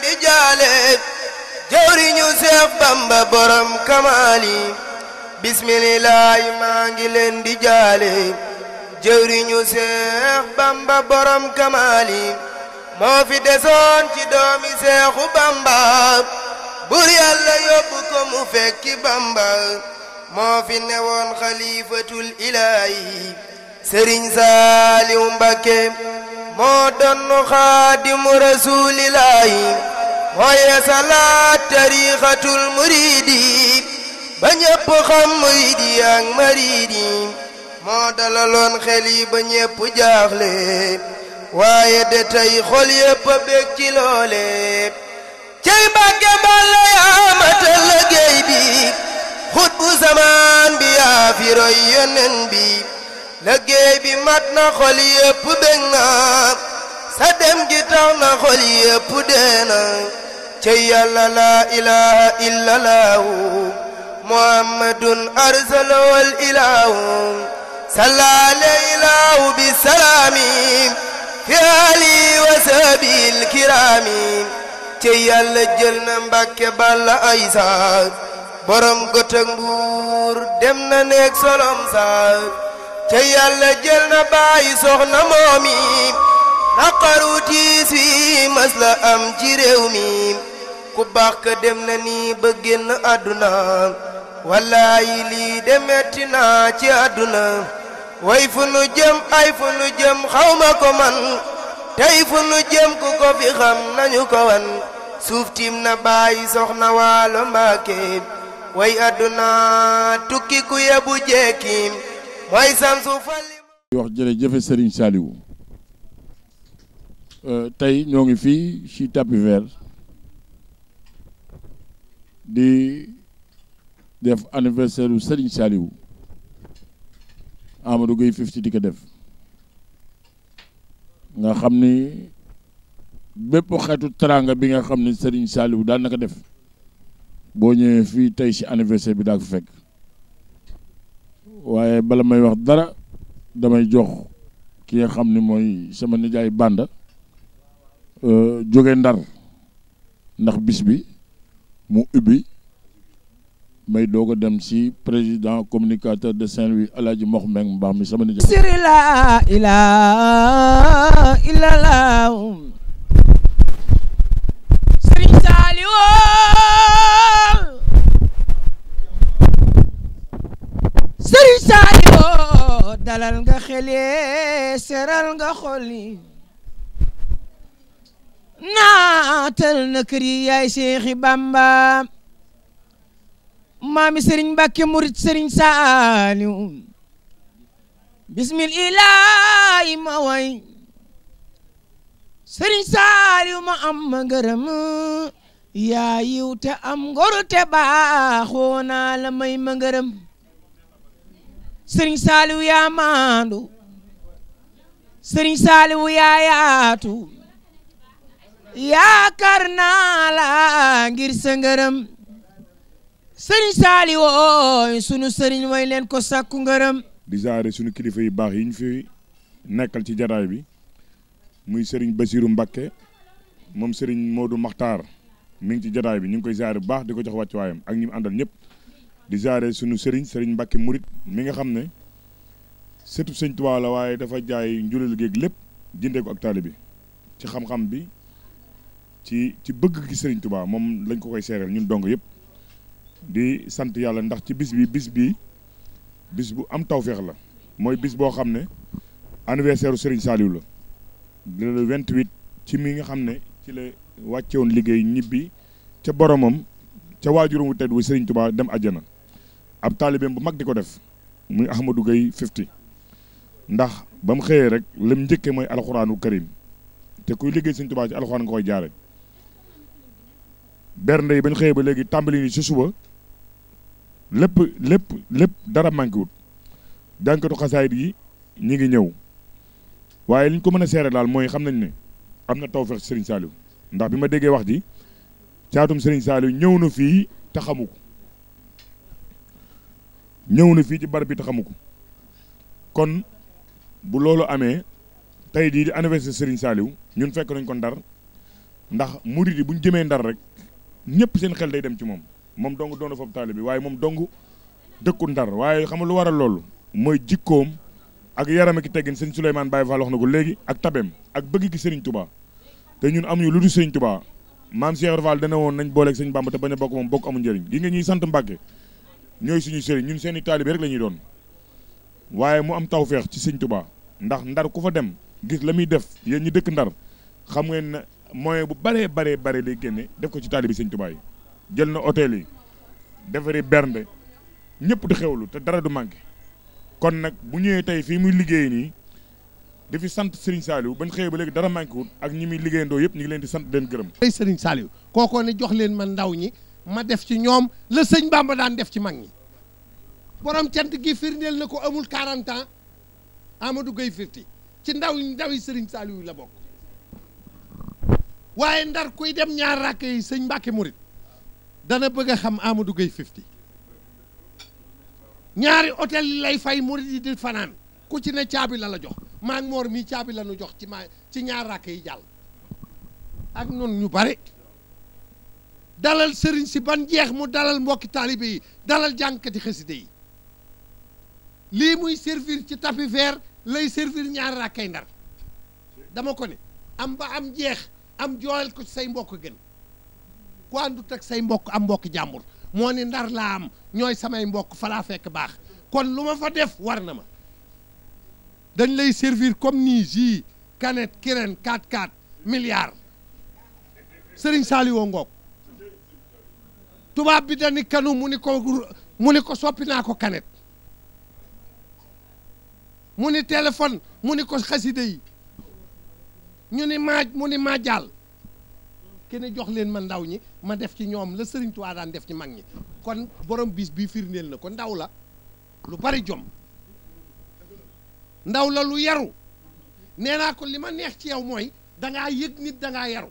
leen di jaale Bamba borom kamaali bismillaahi maa ngi leen di jaale jawriñu Bamba borom kamaali moo fi desoon ci doomi Seexu Bamba bur yàlla yóbbu ko mu fekki Bamba moo fi newoon xalifatul ilaahi Sëriñ Saaliw Mbakke moo doon xaadimu rasuulillaahi mooy salaat tariixatul muriidi ba ñépp xam muriidi ak mariidi moo dalaloon xel yi ba ñépp jaaxle waaye de tey xol yépp a cey Mbàkke Balla yaa matal bi xutbu zamaan bi yaa yonen bi liggéey bi mat na xol yépp bég na sa dem gi tax na xol yépp dee na cey yàlla laa ilaha illa laahu muhammadun arsalawal ilaahu salaale ilaahu bi fi ali wa sabil kiraami cey yàlla jël na mbàkke balla ay saak borom gotëk mbuur dem na neeg solom saak te yàlla jël na bàyyi soxna moomi naqaru tiis wi am ci réew mi ku baax ka dem na ni ba génn àdduna wallaayi de metti ci àdduna way fu nu jëm ay fu nu jëm xawma ko man tey fu nu jëm ku ko fi xam nañu ko wan suuf tiim na bàyyi soxna waalo mbaake way àdduna tukki ku yebu jekki di wax jërëjëf Serigne Saliou euh, tey ñoo ngi fii ci tapis vert di def anniversaire u Serigne Saliou Amadou Gueye Fifty di ko def nga xam ni bépp xeetu teraanga bi nga xam ni Serigne Saliou daan na ko def boo ñëwee fii tey ci anniversaire bi daa ko fekk. waaye bala may wax dara damay jox ki nga xam ni mooy sama nijaay Banda euh, jóge Ndar ndax bis bi mu ubbi may doog dem si président communicateur de Saint-Louis El Hadj Mokh Meng Mbaax mi sama nijaay. sëriñ Saliou dalal nga xelee seral nga xol yi naatal na kër yi yaay Seexi Bamba maami sëriñ Mbàkke murit sëriñ Saliou bismillah ma way sëriñ Saliou ma am ma ngërëm yaa yiw te am ngor te baaxoo naa la may ma ngërëm sëriñ saaliwu yaa maandu sëriñ saaliwu yaa yaatu yaakaar naa la ngir sa sëriñ saaliwu sunu sëriñ way leen ko sàkku ngërëm di jaare sunu kilifa yu baax yi ñu fi nekkal ci jataay bi muy sëriñ Basiiru Mbakke moom sëriñ Moodu Maxtaar mi ngi ci jataay bi ñu ngi koy jaare bu baax di ko jox wàccuwaayam ak ñi mu àndal ñëpp di jaare sunu Serigne Serigne Mbacke Mouride mi nga xam ne surtout sëñ Tuubaa la waaye dafa jaay njuleel géeg lépp jëndee ko ak taalibe bi ci xam-xam bi ci ci bëgg gi Serigne tubaa moom lañ ko koy seeral ñun dong yëpp di sant yàlla ndax ci bis bi bis bi bis bu am tawféex la mooy bis boo xam ne anniversaire Serigne Saliou la le 28 ci mi nga xam ne ci la wàcce woon liggéey ñibbi ca boromam ca waajuram wu tedd wu Serigne Touba dem àjjana. ab taalibeem bu mag di ko def muy Ahmadou Gueye fifty ndax ba mu xëyee rek lam njëkkee mooy alxuraanu karim te kuy liggéey Sëñ Tuubaa ci alxuraan nga koy jaare bernde yi ba ñu xëyee ba léegi tàmbali ni ci suba lépp lépp lépp dara manqué wut jànkatu xasaayit yi ñi ngi ñëw waaye li ñu ko mën a seere daal mooy xam nañ ne am na taw tawfeex sëriñ Saliou ndax bi ma déggee wax ji caatum Serigne Saliou ñëw na fii te xamu ñëw na fii ci barab bi te xamu ko kon bu loolu amee tey jii di anniversaire Serigne Saliou ñun fekk nañ ko ndar ndax murid yi bu ñu jëmee ndar rek ñëpp seen xel day dem ci moom moom dong doon na foofu taalibe bi waaye moom dong dëkku ndar waaye xam nga lu waral loolu mooy jikkoom ak yaram ki teggin sëñ Souleymane baay Fall wax na ko léegi ak tabeem ak bëgg gi sëriñ tubaa te ñun am amuñu lu du Serigne Touba maam Cheikh Fall dana woon nañ booleeg sëñ Bamba te bañ bokk moom bokk amu njëriñ ñuy sant Mbàkke ñooy suñu sëriñ ñun seen i taalibe rek ñuy doon waaye mu am tawféex ci sëñ Tuubaa ndax ndar ku fa dem gis la muy def yéen ñu dëkk ndar xam ngeen ne moyen bu baree baree bare lay génne def ko ci taalibe sëñ Tuubaa yi jël na hôtel yi defari bernde ñëpp di xewlu te dara du manqué kon nag bu ñëwee tey fii muy liggéey nii di fi sant Serigne Saliou bañ xëyee ba léegi dara manqué wut ak ñi muy liggéeyandoo yëpp ñu ngi leen di sant leen gërëm. tey Serigne Saliou kookoo ne jox ndaw ñi ma def ci ñoom la sëñ Bamba daan def ci mag ñi borom cant gi firndeel na ko amul 40 ans Amadou Gueye firti ci ndaw ndaw yi Serigne Saliou la bokk waaye ndar kuy dem ñaar rakk yi sëñ Mbacke Mouride dana bëgg a xam Amadou Gueye firti ñaari hôtel lay fay Mouride yi di fanaan ku ci ne caabi la la jox maa ngi moor mii caabi la nu jox ci maa ci ñaar rakk yi jàll ak noonu ñu bare dalal sëriñ si ban jeex mu dalal mbokki taalibe yi dalal jànkati xaside yi lii muy servir ci tapis lay lay servir ñaar rakkay ndar dama ko ne am ba am jeex am jooyal ko say mbokk gën ku du teg say mbokk am mbokki jàmbur moo ni ndar laa am ñooy samay mbokk falaa fekk baax kon lu ma fa def war na ma dañ lay servir comme nii jus canette kirène 4 4 milliards Serigne Saliou ngoog tubaab bi dani kanu mu ni ko mu ni ko soppi naa ko kanet mu ni téléphone mu ni ko xasida yi ñu ni maaj mu ni maajaal kenn jox leen ma ndaw ñi ma def ci ñoom la Sëriñ Tuubaa daan def ci mag ñi kon borom biis bii firndeel na ko ndaw la lu bari jom ndaw la lu yaru nee naa ko li ma neex ci yow mooy dangaa yëg nit dangaa yaru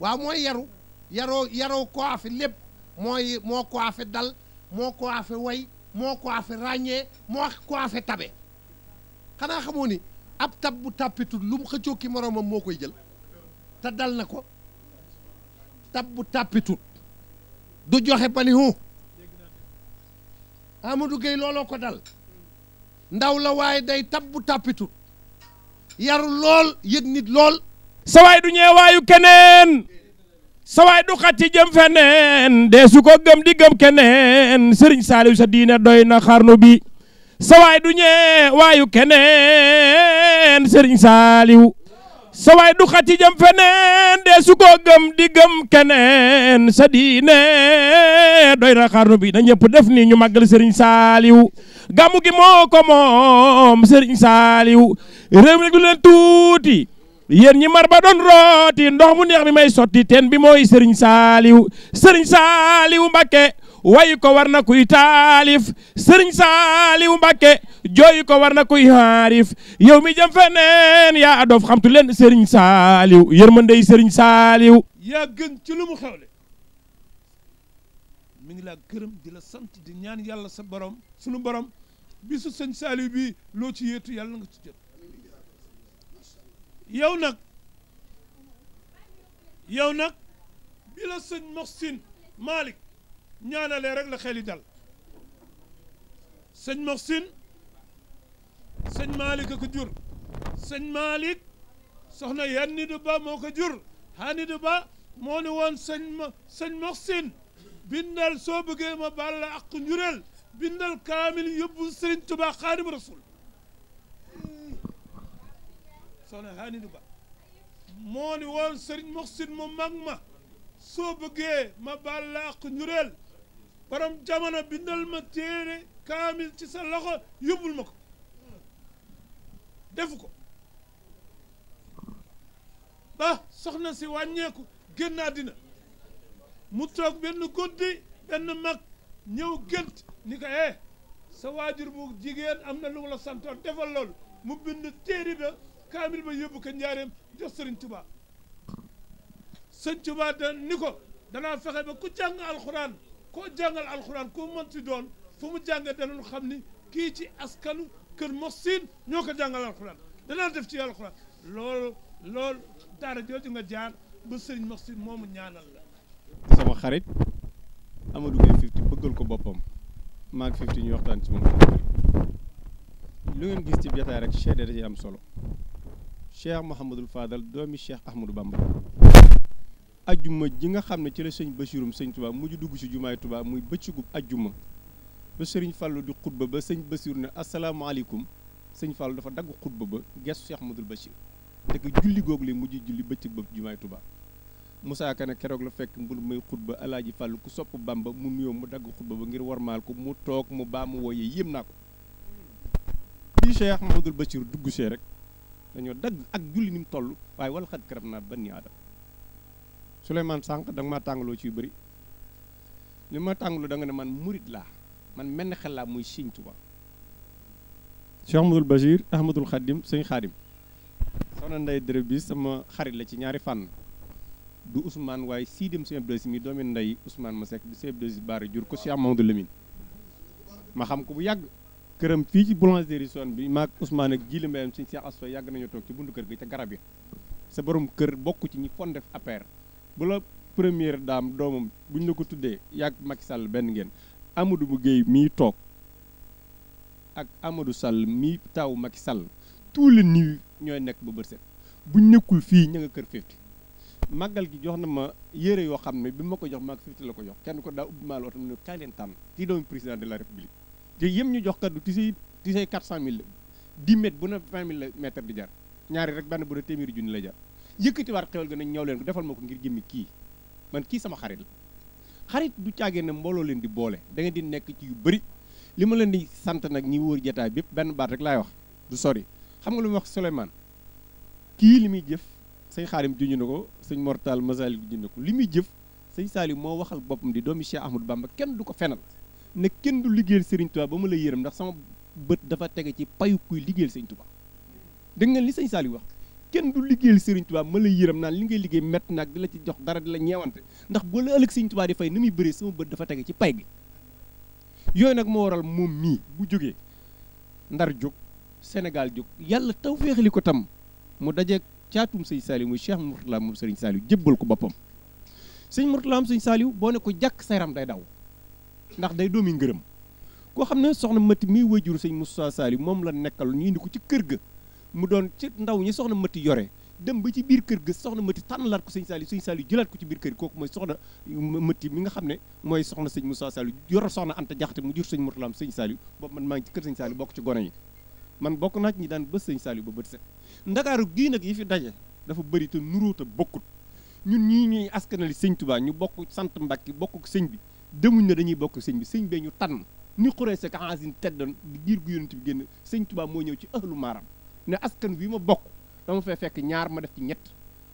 waaw mooy yaru yaroo yaroo coiffé lépp mooy moo coiffé dal moo coiffé woy moo coiffé ràññee moo coiffé tabe xanaa xamoo ni ab tab bu tàppitul lu mu xëccoo ki moroomam moo koy jël te dal na ko tab bu tàppitul du joxe ba ni hu Amadou looloo ko dal ndaw la waaye day tab bu tàppitul yaru lool yëg nit lool sa waay du ñeewaayu keneen sawaay du xat ci jëm feneen de su gëm di gëm keneen sëriñ saaliw sa diine doy na xarnu bi sawaay du ñee waayu keneen sëriñ xat ci jëm feneen de su gëm di gëm keneen sa diine doy na xarnu bi na ñëpp def ni ñu màggal sëriñ saaliw gàmmu gi moo ko moom sëriñ saaliw réew mi nag tuuti yéen ñi mar ba doon rooti ndox mu neex mi may sotti teen bi mooy sëriñ saaliw sëriñ saaliw mbàkke wayu ko war na kuy taalif sëriñ saaliw mbàkke jooyu ko war na kuy haarif yow mi jëm feneen yaa adof xamtu leen sëriñ saaliw yërmandey sëriñ saaliw yaa gën ci lu mu ngi laa gërëm di la sant di yàlla sa borom borom sëñ saaliw bi loo ci yéetu yàlla yow nag yow nag bila la sëñ Moxsin Malick ñaanalee rek la xel dal sëñ Moxsin sëñ Malick a ko jur sëñ Malick soxna Yannidu Ba moo ko jur Hanidu Ba moo ni woon sëñ ma sëñ Moxsin bindal soo bëggee ak njureel bindal kaamil yóbbu Sëriñ Tuubaa Xaadimu Rasuul soxna Hamidou Ba moo ni woon Serigne Moxsin mu mag ma soo bëggee ma baal la ak njureel borom jamono bindal ma téere kaamil ci sa loxo yóbbul ma ko defu ko ba soxna si wàññeeku génn àddina mu toog benn guddi benn mag ñëw gént ni ko eh sa waajur bu jigéen am na lu mu la santoon defal loolu mu bind téere ba kaamil ba yóbbu ko njaareem jox sëriñ Tuubaa sëriñ Tuubaa ni ko danaa fexe ba ku jàng alxuraan koo jàngal alxuraan koo mënti doon fu mu jànge danañu xam ni kii ci askanu kër Moxsin ñoo ko jàngal alxuraan danaa def ci alxuraan loolu loolu daara jooju nga jaar ba sëriñ Moxsin moomu ñaanal la sama xarit Amadou Gueye Fifty bëggal ko boppam maag Fifty ñu waxtaan ci moom lu ngeen gis ci jotaay rek am solo cheikh Mouhamadul Fadal doomi cheikh Ahmadou Bamba. ajjuma ji nga xam ne ci la sëñ Bachirum sëñ Touba mujj dugg ci jumaay Touba muy bëccëgub ajjuma ba sëriñ Fallou di ba sëñ Bachir ne asalaamaaleykum sëñ Fallou dafa dagg xutba ba gestu cheikh Ahmadou Bachir te que julli googu la mujj julli bëccëg ba jumaay Touba. keroog la fekk mbur may xutba alaaji Fallou ku sopp Bamba mu nuyoo mu dagg xutba ba ngir war warmaal ko mu toog mu baa mu wooyee yéem naa ko. fii cheikh Ahmadou Bachir dugg see rek. dañoo dagg ak julli ni mu toll waaye wala xaj karam naa bani aadama Souleymane sànq danga ma tàngaloo ci yu bëri li ma tàngaloo da nga ne man murit laa man menn xel laa muy Sëñ Tuba Cheikh Ahmadul Bachir Ahmadul Xadim sëñ Xadim soxna Ndey Dere bi sama xarit la ci ñaari fànn du Ousmane waaye sii dem sëñ Abdou mi doomi Ndey Ousmane ma sekk di sëñ Abdou Bara jur ko Cheikh Mamadou Lamine ma xam ko bu yàgg këram fii ci boulangerie son bi maag Ousmane ak Jili Mbayam suñu Cheikh Asfa yàgg nañu toog ci buntu kër gi ca garab yi sa borom kër bokk ci ñi fondef APR bu la première dame doomam buñ la ko tuddee yàgg mag Sall benn ngeen amadu bu Guèye mii toog ak Amadou Sall mii taw Macky Sall tous les nuits ñooy nekk ba bërset bu nëkkul fii ña nga kër Fifty màggal gi jox na ma yére yoo xam ne bi ma ko jox maag Fifty la ko jox kenn ko daa ubbi maal otam ne kaay leen tànn ci président de la république te yëm ñu jox kat du tisay tisay quatre cent mille la dix mètres bu di jar ñaari rek benn bu ne téeméeri junni la jar yëkkatiwaat xewal gën a ñëw leen ko defal ma ko ngir jëmmi kii man kii sama xarit xarit du caagee ne mbooloo leen di boole da di nekk ci bëri li ma leen di sant nag ñi wóor jataay bépp benn baat rek laay wax du sori xam nga lu ma wax Souleymane kii li muy jëf sëñ xaarim junj na ko sëñ Mortal Masalik junj na ko li muy jëf sañ Saliou moo waxal boppam di doomi Cheikh Ahmadou Bamba kenn du ko fenal ne kenn du liggéeyal Serigne Touba ba ma la yërëm ndax sama bët dafa tege ci payu kuy liggéeyal Serigne Touba dégg nga li Serigne Saliou wax kenn du liggéeyal Serigne Touba ma la yërëm naan li ngay liggéey mett naag di la ci jox dara di la ñeewante ndax boo la ëllëg Serigne Touba di fay ni muy bëree sama bët dafa tege ci pay gi yooyu nag moo waral moom mii bu jógee ndar jóg Sénégal jóg yàlla taw féexali ko tam mu dajeeg caatum sëñ Saliou muy Cheikh Mourtala moom Serigne Saliou jébbal ko boppam sëñ Mourtala am sëñ Saliou boo ne ko jàkk sa day daw ndax day doomi ngërëm koo xam ne soxna mati mii wajur sëñ Moussa Saliou moom la nekkal ñu indi ko ci kër ga mu doon ci ndaw ñi soxna mati yore dem ba ci biir kër ga soxna mati tànnalaat ko sëñ Saliou sëñ Saliou jëlaat ko ci biir kër kooku mooy soxna mati mi nga xam ne mooy soxna sëñ Moussa Saliou yor soxna Anta Jaxate mu jur sëñ Mourtalaam sëñ Saliou boobu man maa ngi ci kër sëñ Saliou bokk ci gone yi man bokk naa ci ñi daan bës sëñ Saliou ba bët set ndakaaru gii nag yi fi daje dafa bari te nuróo te bokkut ñun ñii ñuy askanali sëñ Tuubaa ñu bokk sant Mbàkke bokk sëñ bi demuñ na dañuy bokk sëñ bi sëñ bee ñu tànn ni xuree sa kaxaasin teddoon di giir gu yonent bi génn sëñ Tuubaa moo ñëw ci ahlu maaram ne askan wi ma bokk dama fee fekk ñaar ma def ci ñett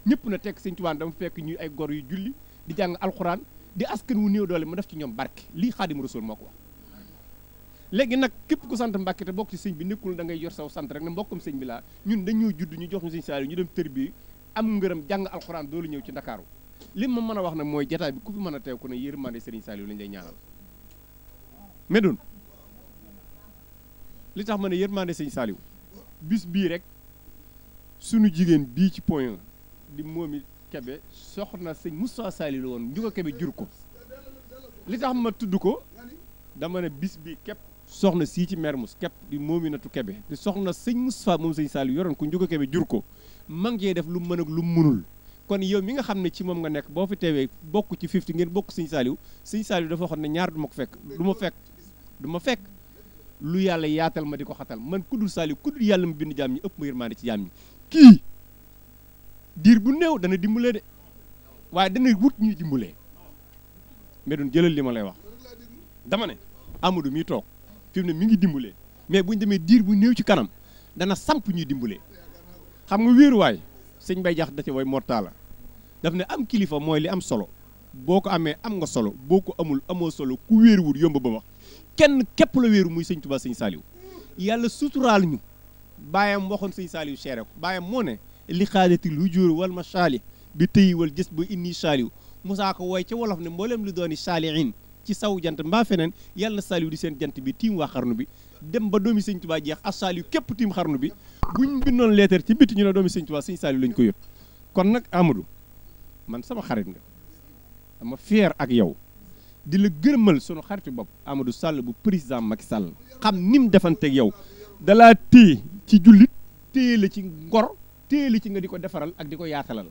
ñëpp na tekk sëñ Tuubaa dama fekk ñuy ay gor yu julli di jàng alxuraan di askan wu néew doole ma def ci ñoom barke lii xaadimu rasul moo ko wax léegi nag képp ku sant Mbàkke te bokk ci sëñ bi nekkul da ngay yor saw sant rek ne mbokkam sëñ bi laa ñun dañu judd ñu jox ñu sëñ Saaliw ñu dem tër bi am ngërëm jàng alxuraan doolu ñëw ci Ndakaaru li ma mën a wax nag mooy jataay bi ku fi mën a teew ku ne yërmande Serigne Saliou lañ lay ñaanal Médoune li tax ma ne yërmande Serigne Saliou bis bii rek sunu jigéen bii ci point di moom it Kebe soxna sëñ Moustapha Saliou la woon Ndiouga Kebe jur ko li tax ma tudd ko dama bis bi képp soxna si ci Mermoz képp di moominatu Kebe di soxna sëñ Moustapha moom sëñ Saliou yoroon ko Ndiouga Kebe jur ko ma ngi def lu mën lu mënul kon yow mi nga xam ne ci moom nga nekk boo fi teewee bokk ci fifty ngeen bokk Sëñ Saaliw Sëñ Saaliw dafa waxoon ne ñaar duma ko fekk du ma fekk du fekk lu yàlla yaatal ma di ko xatal man kuddul Saaliw kuddul yàlla mu bind jaam ñi ëpp ma yërmaande ci jaam ñi kii diir bu néew dana dimbalee de waaye dana wut ñuy dimbalee mais duñ jëlal li ma lay wax dama ne toog fi mu mi ngi dimbalee mais buñ demee diir bu néew ci kanam dana samp ñuy dimbalee xam nga wéeruwaay sëñ bay jax da ci way mortala daf ne am kilifa mooy li am solo boo ko amee am nga solo boo ko amul amoo solo ku wéeruwul yomb ba wax kenn képp la wéeru muy sëñ Tuubaa sëñ Saaliw yàlla suturaal ñu bàyyam waxoon sëñ Saaliw seere ko bàyyam moo ne li xaadati lu jóor wal ma saali bi tey wal gis bu inni saaliw Musaa ko wooy ca wolof ne mboolem lu dooni saaliin ci saw jant mbaa feneen yàlla saaliw di seen jant bi tiim waa xarnu bi dem ba doomi sëñ tubaa jeex as saaliw képp tiim xarnu bi buñ bindoon leetar ci biti ñu ne doomi sëñ tubaa ñu saaliw lañ ko yót kon nag Amadou man sama xarit nga dama fier ak yow di la gërëmal sunu xaritu bopp Amadou Sall bu président mag Sall xam ni mu defanteeg yow dalaa téye ci jullit téye ci ngor téye la ci nga di ko defaral ak di ko yaatalal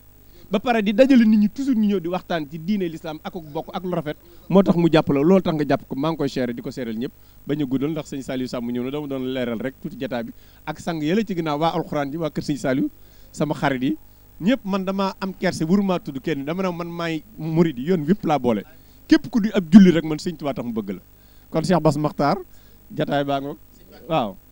ba pare di dajale nit ñi toujours ñu ñëw di waxtaan ci diine l'islam ak ak bokk ak lu rafet moo tax mu jàpp la loolu tax nga jàpp ko maa ngi koy seere di ko seeral ñëpp bañ a guddal ndax sëñ Saliou Samb jataa ak sang yële ci ginnaaw waa alxuraan ji waa kër sama xarit yi ñëpp man damaa am kerse wuruma tudd kenn dama ne man maay murid yi yoon wépp laa boole képp ku di ab julli rek man sëñ Tuubaa tax mu bëgg la kon Cheikh Bass Makhtar jataay baa ngoog waaw